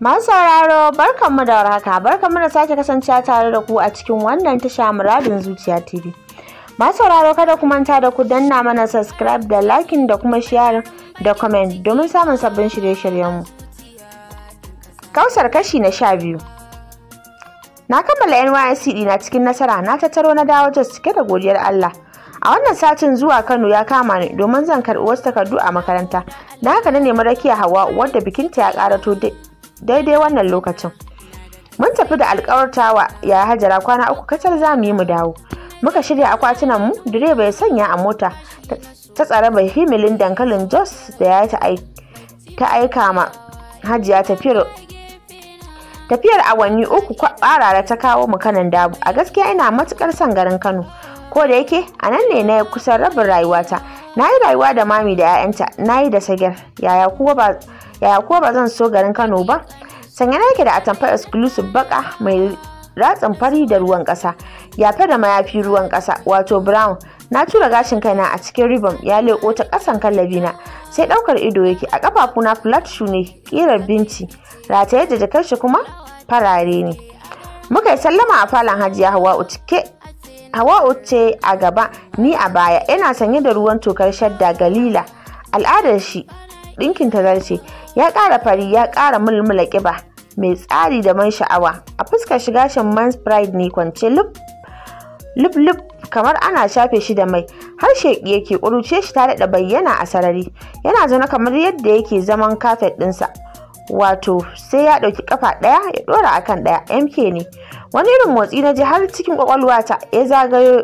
Masu sauraro barkanmu da warhaka barkanmu da sake kasancewa tare da ku a cikin wannan tasha muradin zuciya TV. Masu sauraro kada ku manta da ku danna mana subscribe da liking da kuma share da comment domin samun sabbin shirye-shiryenmu. Kausar kashi na sha biyu. Na kammala NYSC na cikin nasara na tattaro na dawo Jos cike da godiyar Allah. a wannan satin zuwa kano ya kama ni domin zan karɓi wasu takardu a makaranta Na haka na nemi rakiya hawa wadda bikinta ya karato daidai wannan lokacin mun tafi da alkawartawa ya hajara kwana uku kacal za mu yi mu dawo muka shirya akwatunan mu direba ya sanya a mota ta tsare bai himilin dankalin jos da ya ta aika ma hajiya tafiyar tafiyar awanni uku kwarara ta kawo mu kanan dabu a gaskiya ina matukar son garin kano ko da yake a nan ne na kusan rabin rayuwata na yi rayuwa da mami da 'ya'yanta na yi da sagir yaya kuwa ba zan so garin kano ba sanya na yake da atamfar exclusive baka mai ratsin fari da ruwan ƙasa yafe da mayafi ruwan ƙasa wato brown na tura gashin kaina a cikin ribon ya leko ta ƙasan kallabina sai ɗaukar ido yake a ƙafafuna flat shoe ne ƙirar binci rataye da jakar shi kuma farare ne muka yi sallama a falon hajiya hawa cike Hawa ce a gaba ni a baya yana sanye da ruwan tokar shadda galila al'adar shi ɗinkin zarce. ya ƙara fari ya ƙara mulmula ƙiba mai tsari da man sha'awa a fuskar shi gashin man's pride ne kwance lub lub kamar ana shafe shi da mai har sheƙi yake ƙuruce shi ta daɗa bayyana a sarari yana zaune kamar yadda yake zaman kafet ɗinsa wato sai ya ɗauki kafa ɗaya ya ɗora akan ɗaya mk ne wani irin motsi na ji har cikin kwakwalwata ya zagayo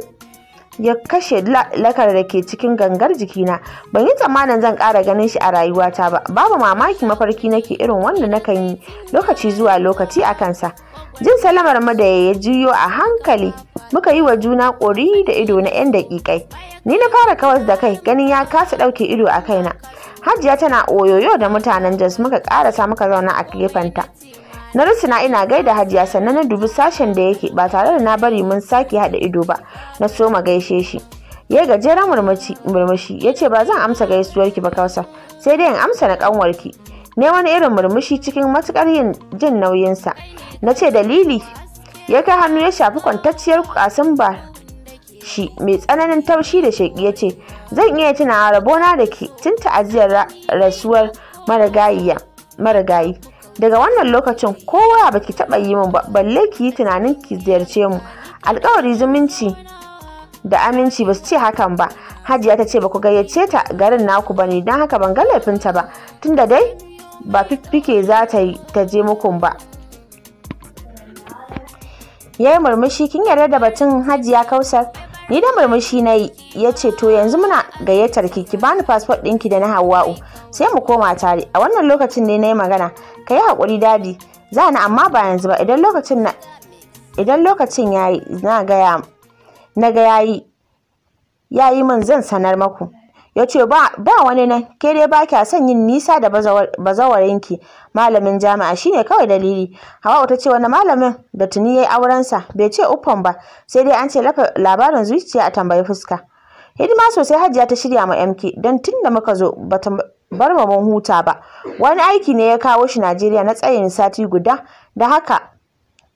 ya kashe lakar da ke cikin gangar jikina ban yi tsammanin zan ƙara ganin shi a rayuwata ba babu mamaki mafarki nake irin wanda nakan yi lokaci zuwa lokaci a kansa jin salamar da ya juyo a hankali muka yi wa juna kori da ido na 'yan daƙiƙai ni na fara kawas da kai ganin ya kasa ɗauke ido a kaina hajiya tana oyoyo da mutanen jos muka ƙarasa muka zauna a gefenta na rusuna ina gaida hajiya sannan na dubi sashen da yake ba tare da na bari mun sake haɗa ido ba na so soma gaishe shi ya gajeren murmushi ya ce ba zan amsa gaisuwarki ba kausa sai dai in amsa na kanwarki ne wani irin murmushi cikin matukar yin jin nauyinsa na ce dalili ya kai hannu ya shafi kwantacciyar kasan ba shi mai tsananin taushi da sheƙi ya ce zan iya tunawa rabona da ke tun ta'aziyar rasuwar marigayi daga wannan lokacin kowa ba ki taɓa yi min balle ki yi tunanin ki ziyarce mu alkawari zumunci da aminci ba su ce hakan ba hajiya ta ce ba ku gayyace ta garin naku ba ne don haka ban ga laifinta ba tunda dai ba fiffike za ta yi ta je muku ba ya yi murmushi kin yarda da batun hajiya kausar ni da murmushi na yi ya ce to yanzu muna gayyatar ki ki bani fasfot ɗinki da na hawa'u sai mu koma tare a wannan lokacin ne na yi magana ka yi haƙuri dadi za ni amma ba yanzu ba idan lokacin na ya yi na ga yayi ya yi min zan sanar maku ya ce ba wani nan ke dai ba kya son yin nisa da bazawarinki malamin jami'a shine kawai dalili hawa wata ce wani malamin da tuni ya yi aurensa bai ce uffan ba sai dai an ce labarin zuciya a tambayi fuska hidima sosai hajiya ta shirya ma mk don tun da muka zo bar ma mun huta ba wani aiki ne ya kawo shi Najeriya na tsayin sati guda da haka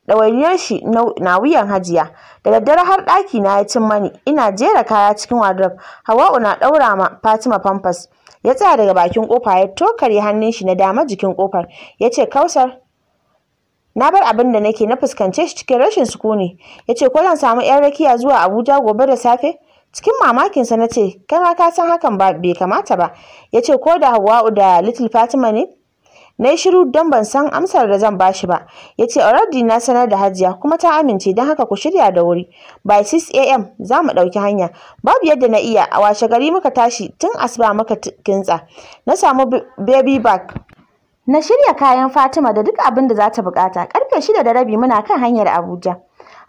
ɗawainiyar shi na wuyan Hajiya da daddare har ɗaki na ya cin mani ina jera kaya cikin wardrobe Hawa'u na ɗaura ma Fatima pampers ya tsaya daga bakin kofa ya tokare hannun shi na dama jikin kofar ya ce kausar na bar abin da nake na fuskance shi cikin rashin sukuni ya ce ko zan samu yan rakiya zuwa abuja gobe da safe cikin mamakinsa na ce kai ma ka san hakan ba bai kamata ba ya ce ko da hawa'u da little fatima ne na yi shiru don ban san amsar da zan bashi ba ya ce already na sanar da hajiya kuma ta amince don haka ku shirya da wuri by 6 am za mu ɗauki hanya babu yadda na iya a washe gari muka tashi tun asuba muka kintsa na samu baby bag. na shirya kayan fatima da duk abin da za ta bukata karfe shida da rabi muna kan hanyar abuja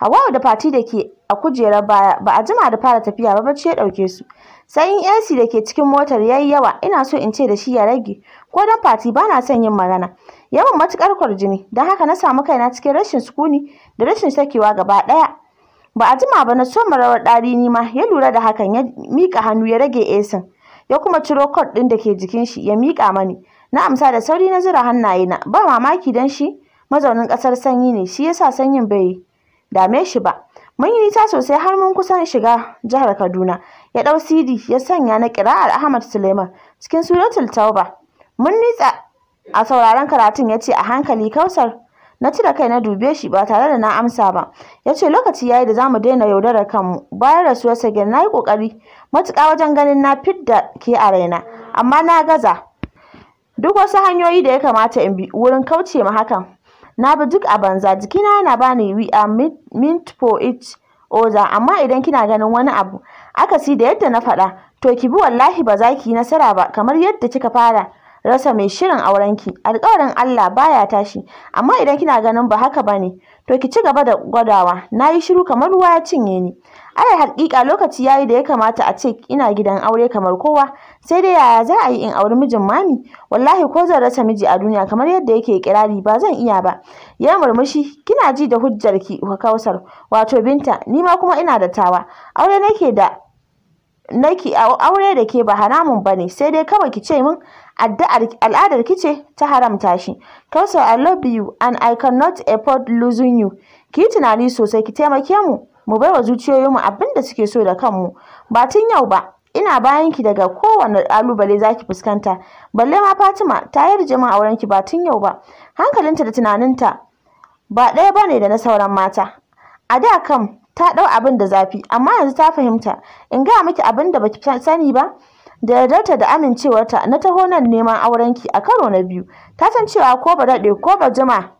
Hawwa da Fati da ke a kujerar baya ba a jima da fara tafiya ba bacci ya ɗauke su. Sai in AC da ke cikin motar yayi yawa ina so in ce da shi ya rage ko dan Fati ba na son yin magana. Yawan matukar kwarjini don haka na samu kaina cikin rashin sukuni da rashin sakewa gaba ɗaya. Ba a jima ba na so rawar ɗari ni ma ya lura da hakan ya miƙa hannu ya rage AC ya kuma ciro kod ɗin da ke jikin shi ya miƙa mani. Na amsa da sauri na zira hannaye na ba mamaki dan shi mazaunin ƙasar sanyi ne shi yasa sanyin bai dame shi ba mun yi nisa sosai har mun kusan shiga jihar Kaduna ya ɗau CD ya sanya na kira'ar Ahmad Suleiman cikin suratul Tauba mun nitsa a sauraron karatun ya ce a hankali Kausar na cire kai na dube shi ba tare da na amsa ba ya ce lokaci ya yi da za mu daina yaudarar kanmu bayan ya sage na yi ƙoƙari. matuƙa wajen ganin na fidda ke a raina amma na gaza duk wasu hanyoyi da ya kamata in bi wurin kauce ma hakan na bi duk a banza jikina yana bani we are ah, meant for each other amma idan kina ganin wani abu aka si da yadda na faɗa to ki bi wallahi ba za ki yi nasara ba kamar yadda kika fara rasa mai shirin aurenki alƙawarin Allah baya tashi amma idan kina ganin ba haka bane to ki ci gaba da gwadawa Na yi shiru kamar ruwa ya cinye ni yi hakika lokaci yayi da ya kamata a ce ina gidan aure kamar kowa sai dai yaya za a yi in auri mijin mami wallahi ko zan rasa miji a duniya kamar yadda yake kirari ba zan iya ba ya murmushi kina ji da hujjarki kausar wato binta ni ma kuma ina da tawa aure nake da naki aure da ke ba haramun ba ne. sai dai kawai ki ce min al'adar ki ce ta haramta shi also i love you and i cannot afford losing you ki tunani sosai ki taimake mu mu wa zuciyoyinmu abin da suke so da kanmu ba tun yau ba ina bayan ki daga kowane kalubale ki fuskanta balle ma Fatima ta yarda min auren ki ba tun yau ba hankalinta da tunaninta ba ɗaya ne da na sauran mata a da kam ta ɗau abin da zafi amma yanzu ta fahimta in gaya miki abin da baki sani ba da yardarta da amincewarta na taho nan neman aurenki a karo na biyu ta san cewa ko ba daɗe ko ba jima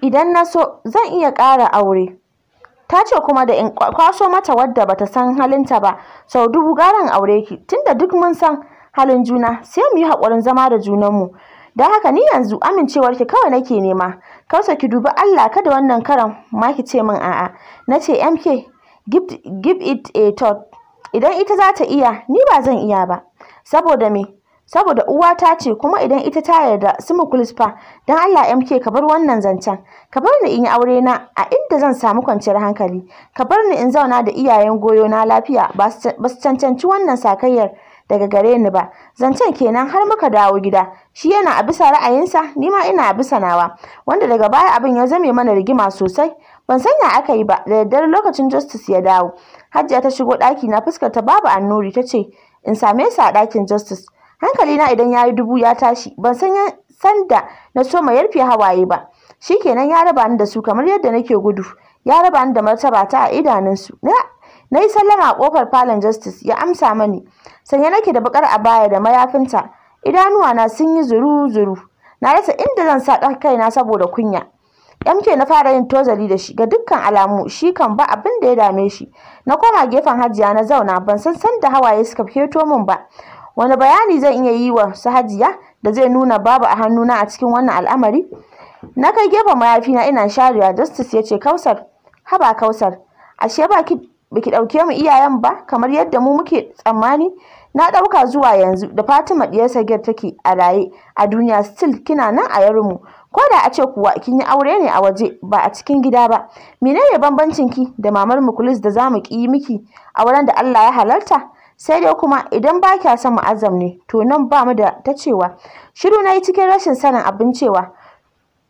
idan na so zan iya ƙara aure ta ce kuma da in kwaso mata wadda bata san halinta ba sau dubu garan aure ki tunda duk mun san halin juna sai mu yi haƙurin zama da junanmu Da haka ni yanzu amincewar ki kawai nake nema kausa ki dubi Allah kada wannan karan ma ki ce min a'a nace MK give, it a thought idan ita za ta iya ni ba zan iya ba saboda me saboda uwata ce kuma idan ita ta yarda su simu kulispa dan Allah MK ka bar wannan zancen ka bar ni in yi aure na a inda zan samu kwanciyar hankali ka bar ni in zauna da iyayen goyo na lafiya ba su cancanci wannan sakayyar daga gare ni ba zancen kenan har muka dawo gida shi yana a bisa ra'ayinsa ni ma ina a bisa nawa wanda daga baya abin ya zame mana rigima sosai ban sanya aka yi ba da daddare lokacin justice ya dawo hajjiya ta shigo ɗaki na fuskar ta babu annuri ta ce in same su a ɗakin justice na idan ya yi dubu ya tashi ban san sanda na so ma yarfe hawaye ba shikenan ya raba ni da su kamar yadda nake gudu ya raba ni da martaba ta a idanunsu na na yi sallama a ƙofar falon justice ya amsa mani sanye nake da bakar baya da mayafinta idanuwana sun yi zuru-zuru na rasa inda zan sa kaina saboda kunya MK na fara yin tozali da shi ga dukkan alamu shi kan ba abin da ya dame shi na koma gefen hajiya na zauna ban san san da hawaye suka feto min ba wani bayani zan iya yi wa su hajiya da zai nuna babu a hannuna a cikin wannan al'amari na kai gefen mayafina ina sharewa justice ya ce kausar haba kausar ashe baki Baki ɗauke mu iyayen ba kamar yadda mu muke tsammani na ɗauka zuwa yanzu da Fatima ɗiyar sagar take a raye a duniya still kina nan a mu ko da a ce kuwa kin yi aure ne a waje ba a cikin gida ba menene bambancin ki da mamar Mukulis da zamu ki miki a wurin da Allah ya halarta sai dai kuma idan ba kya son azam ne to nan ba mu da ta cewa shiru na yi cikin rashin sanin abin cewa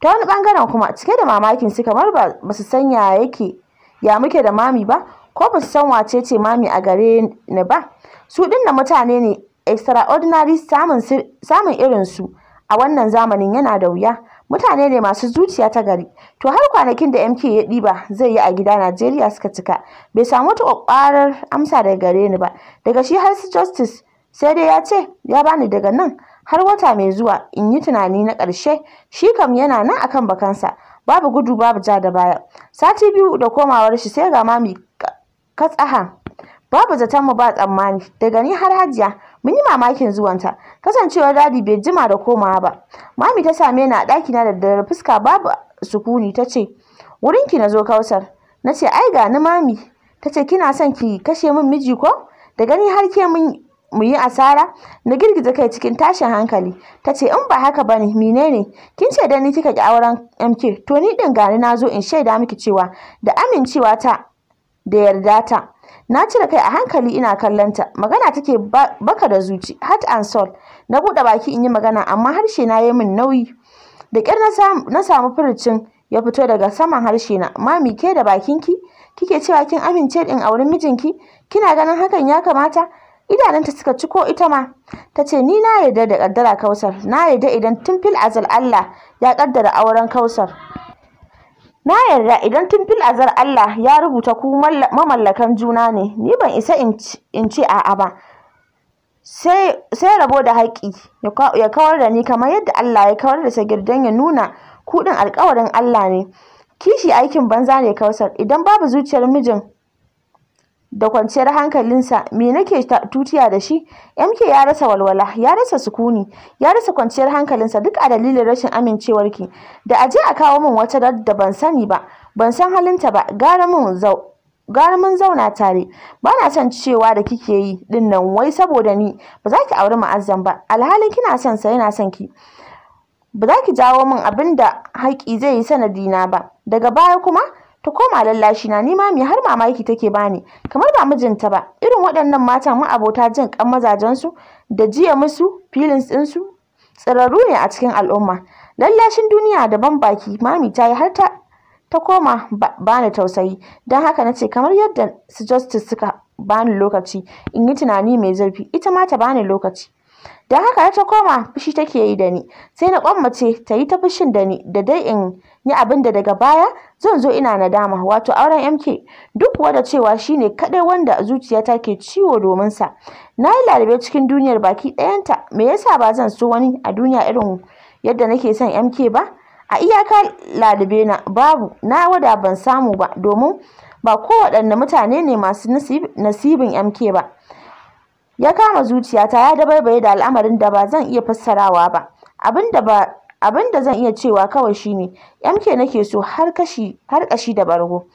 ta wani bangaren kuma cike da mamakin su kamar ba su sanya yake ya muke da mami ba ko ba su san wace ce Mami a gare ni ba, su ɗin mutane ne extraordinary samun irin su a wannan zamanin yana da wuya. Mutane ne masu zuciya ta gari. To har kwanakin da MK ya ɗiba zai yi a gida Najeriya suka cika. Bai samu wata ƙwaƙwarar amsa daga gare ni ba. Daga shi har justice sai dai ya ce ya bani daga nan har wata mai zuwa in yi tunani na ƙarshe shi kam yana nan akan bakansa babu gudu babu ja da baya sati biyu da komawar shi sai ga mami katsaha babu zaton mu ba tsammani daga ni har hajiya mun yi mamakin zuwanta kasancewar dadi bai jima da komawa ba mami ta same ni a ɗaki na da daddare fuska babu sukuni ta ce Wurin ki na zo kausar na ce ai ga ni mami ta ce kina son ki kashe min miji ko da gani har ke mun mu yi asara na girgiza kai cikin tashin hankali ta ce in ba haka ba ne menene kin ce da ni kika ki auren mk to ni din gani na zo in shaida miki cewa da amincewa ta da yarda ta na cire kai a hankali ina kallonta magana take baka da zuci heart and soul na buɗe baki in yi magana amma harshe na yi min nauyi da ƙyar na samu furucin ya fito daga saman harshe na mami ke da ki? kike cewa kin amince din a wurin mijinki kina ganin hakan ya kamata ta suka ciko ita ma ta ce ni na yarda da kaddara kausar na yarda idan tun fil azal Allah ya kaddara auren kausar Na yarda idan tun fil azar Allah ya rubuta ku mamallakan juna ne, ni ban isa in ce a'a ba. Sai rabo da haƙƙi ya kawar da ni kamar yadda Allah ya kawar da sagirdan ya nuna kuɗin alkawarin Allah ne. Kishi aikin banza ne kausar, idan babu zuciyar mijin da kwanciyar hankalinsa me nake tutiya da shi mk ya rasa walwala ya rasa sukuni ya rasa kwanciyar hankalinsa duk a dalilin rashin amincewarki da a je a kawo min wata da ban sani ba ban san halinta ba gara min mun zauna tare ba na son cewa da kike yi din nan wai saboda ni ba za ki auri ma'azzam ba alhalin kina son sa yana son ki ba za ki jawo min abin da haƙi zai yi sanadina ba daga baya kuma ta koma lallashi na nima mai har mamaki take bani kamar ba mijinta ba irin waɗannan matan mu abota jin kan mazajen da jiya musu feelings din su tsirarru ne a cikin al'umma lallashin duniya da ban baki mami ta yi har ta ta koma bani tausayi don haka na ce kamar yadda su justice suka bani lokaci in yi tunani mai zurfi ita ma ta bani lokaci don haka ta koma fushi take yi da ni sai na kwammace ta yi ta fushin da ni da dai in yi abin da daga baya zan zo ina nadama wato auren MK duk wanda cewa shine kadai wanda zuciyata ke ciwo domin sa na yi lalube cikin duniyar baki ɗayanta me yasa ba zan so wani a duniya irin yadda nake son MK ba a iyaka lalube na babu na wada ban samu ba domin ba kowaɗanne mutane ne masu nasibin MK ba ya kama zuciyata ya dabaibaye da al'amarin da ba zan iya fassarawa ba abinda ba abin da zan iya cewa kawai shine MK nake so har kashi har kashi da bargo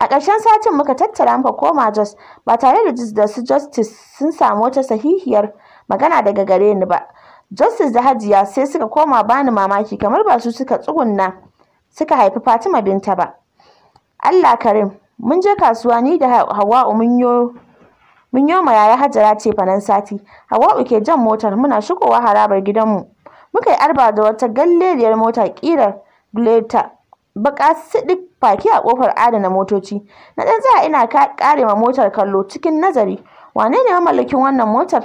a ƙarshen satin muka tattara muka koma Jos ba tare da su Justice sun samu wata sahihiyar magana daga gare ni ba Justice da Hajiya sai suka koma bani mamaki kamar ba su suka tsugunna suka haifi Fatima binta ba Allah Karim mun je kasuwa ni da Hawwa'u mun yo mun yo yaya Hajara ce fanan sati hawa'u ke jan motar muna shigowa harabar gidanmu muka yi arba da wata galleriyar mota ƙirar gleta baka sidi faki a kofar adana motoci na ɗan tsaya ina kare ma motar kallo cikin nazari wane ne mamallakin wannan motar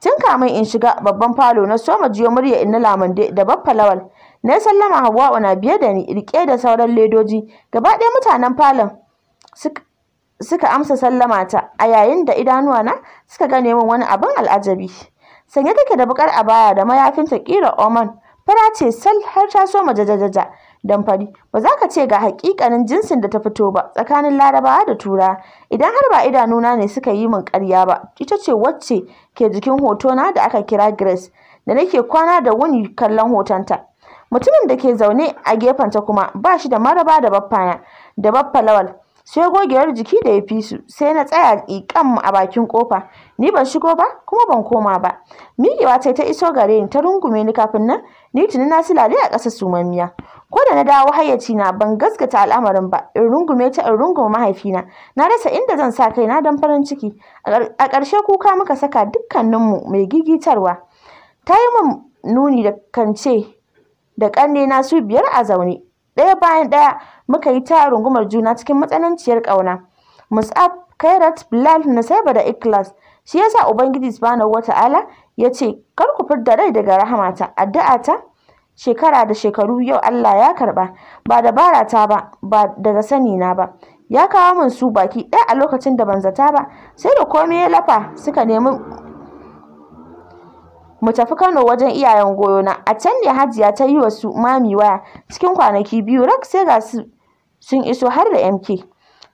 tun kamin in shiga babban falo na soma jiyo murya inna lamande da baffa lawal na sallama Hauwa, na biye da ni rike da sauran ledoji gaba ɗaya mutanen falon suka amsa sallama ta a yayin da idanuwa na suka gane min wani abin al'ajabi sanye take da bukar abaya da mayafinta ƙira oman fara ce sal har ta so majajajaja dan fari ba za ka ce ga hakikanin jinsin da ta fito ba tsakanin larabawa da tura idan har ba idanuna ne suka yi min karya ba ita ce wacce ke jikin hotona da aka kira grace da nake kwana da wuni kallon hotonta mutumin da ke zaune a gefenta kuma ba shi da maraba da baffana da baffa sai gogewar jiki da ya fi su sai na tsaya ƙiƙam a bakin ƙofa ni ban shigo ba kuma ban koma ba miƙewa ta ta iso gare ni ta rungume ni kafin nan ni tuni na silale a ƙasa sumammiya ko da na dawo hayyaci na ban gaskata al'amarin ba in rungume ta in rungume mahaifina na rasa inda zan sa kaina don farin ciki a ƙarshe kuka muka saka dukkaninmu mai gigitarwa ta yi min nuni da kance da na su biyar a zaune ɗaya bayan ɗaya muka yi ta rungumar juna cikin matsananciyar ƙauna mus'ab kairat bilal nasaiba da ikhlas shi yasa ubangiji subhanahu wata'ala ya ce kar ku fidda rai daga rahamata addu'ata shekara da shekaru yau Allah ya karba ba dabara ta ba ba daga sani na ba ya kawo min su baki ɗaya a lokacin da ban zata ba sai da komai ya lafa suka nemi mu tafi Kano wajen iyayen goyona. A can ne Hajiya ta yi wa su mami waya cikin kwanaki biyu rak sai ga su sun iso har da MK.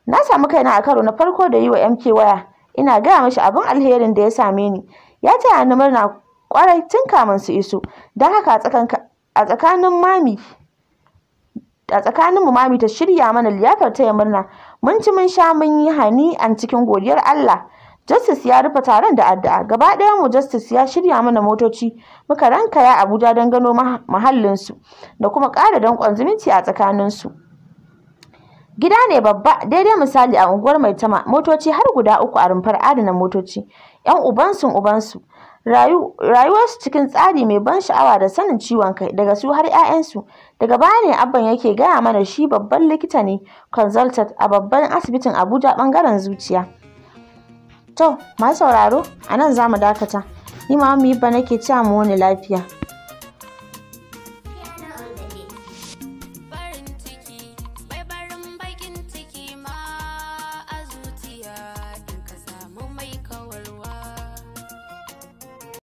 Na samu kaina a karo na farko da yi wa MK waya. Ina gaya mashi abin alherin da ya same ni. Ya ta ni murna kwarai tun kamin su iso. Don haka a tsakanin mami a tsakanin mu mami ta shirya mana liyafar taya murna mun ci mun sha mun yi hani an cikin godiyar Allah Justice ya rufe taron da addu'a. Gaba ɗaya mu Justice ya shirya mana motoci muka rankaya Abuja don gano su da kuma ƙara danƙon zumunci a tsakaninsu. Gida ne babba daidai misali a unguwar Maitama motoci har guda uku a rumfar adana motoci. 'Yan ubansu ubansu. Rayuwarsu cikin tsari mai ban sha'awa da sanin ciwon kai daga su har 'ya'yansu. Daga baya ne abban yake gaya mana shi babban likita ne consultant a babban asibitin Abuja ɓangaren zuciya. To, masu sauraro, a nan za mu dakata. Ni ma mu yi ba nake cewa mu wani lafiya.